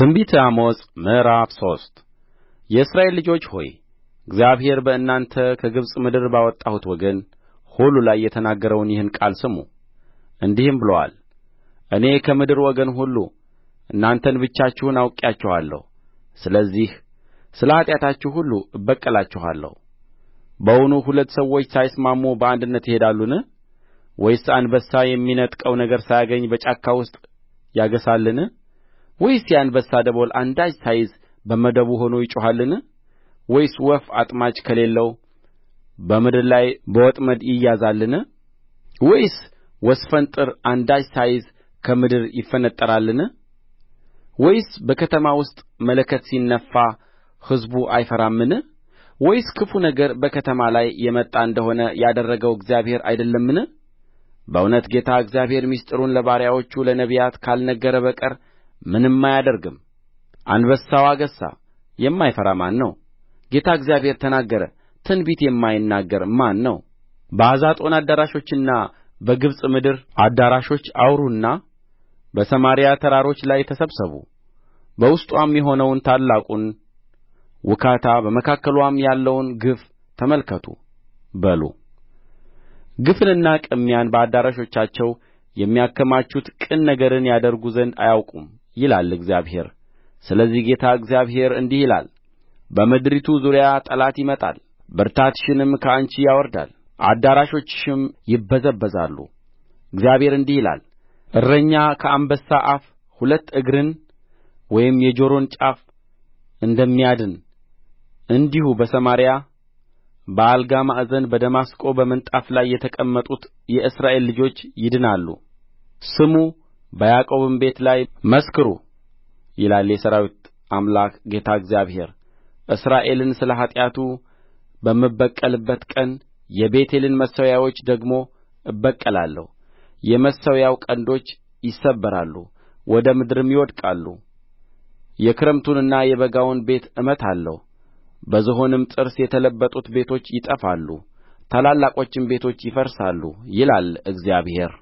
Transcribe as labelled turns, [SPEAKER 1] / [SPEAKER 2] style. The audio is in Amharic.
[SPEAKER 1] ትንቢተ አሞጽ ምዕራፍ ሶስት የእስራኤል ልጆች ሆይ እግዚአብሔር በእናንተ ከግብጽ ምድር ባወጣሁት ወገን ሁሉ ላይ የተናገረውን ይህን ቃል ስሙ እንዲህም ብሎአል እኔ ከምድር ወገን ሁሉ እናንተን ብቻችሁን አውቄአችኋለሁ ስለዚህ ስለ ኃጢአታችሁ ሁሉ እበቀላችኋለሁ በውኑ ሁለት ሰዎች ሳይስማሙ በአንድነት ይሄዳሉን ወይስ አንበሳ የሚነጥቀው ነገር ሳያገኝ በጫካ ውስጥ ያገሣልን ወይስ የአንበሳ ደቦል አንዳች ሳይዝ በመደቡ ሆኖ ይጮኻልን ወይስ ወፍ አጥማጅ ከሌለው በምድር ላይ በወጥመድ ይያዛልን ወይስ ወስፈንጠር አንዳች ሳይዝ ከምድር ይፈነጠራልን ወይስ በከተማ ውስጥ መለከት ሲነፋ ሕዝቡ አይፈራምን ወይስ ክፉ ነገር በከተማ ላይ የመጣ እንደሆነ ያደረገው እግዚአብሔር አይደለምን በእውነት ጌታ እግዚአብሔር ምሥጢሩን ለባሪያዎቹ ለነቢያት ካልነገረ በቀር ምንም አያደርግም አንበሳው አገሣ የማይፈራ ማን ነው ጌታ እግዚአብሔር ተናገረ ትንቢት የማይናገር ማን ነው በአዛጦን አዳራሾችና በግብጽ ምድር አዳራሾች አውሩና በሰማርያ ተራሮች ላይ ተሰብሰቡ በውስጥዋም የሆነውን ታላቁን ውካታ በመካከልዋም ያለውን ግፍ ተመልከቱ በሉ ግፍንና ቅሚያን በአዳራሾቻቸው የሚያከማቹት ቅን ነገርን ያደርጉ ዘንድ አያውቁም ይላል እግዚአብሔር ስለዚህ ጌታ እግዚአብሔር እንዲህ ይላል በምድሪቱ ዙሪያ ጠላት ይመጣል ብርታትሽንም ከአንቺ ያወርዳል አዳራሾችሽም ይበዘበዛሉ እግዚአብሔር እንዲህ ይላል እረኛ ከአንበሳ አፍ ሁለት እግርን ወይም የጆሮን ጫፍ እንደሚያድን እንዲሁ በሰማርያ በአልጋ ማዕዘን በደማስቆ በምንጣፍ ላይ የተቀመጡት የእስራኤል ልጆች ይድናሉ ስሙ በያዕቆብም ቤት ላይ መስክሩ ይላል የሠራዊት አምላክ ጌታ እግዚአብሔር እስራኤልን ስለ ኃጢአቱ በምበቀልበት ቀን የቤቴልን መሠዊያዎች ደግሞ እበቀላለሁ የመሠዊያው ቀንዶች ይሰበራሉ ወደ ምድርም ይወድቃሉ የክረምቱንና የበጋውን ቤት እመታለሁ በዝሆንም ጥርስ የተለበጡት ቤቶች ይጠፋሉ ታላላቆችም ቤቶች ይፈርሳሉ ይላል እግዚአብሔር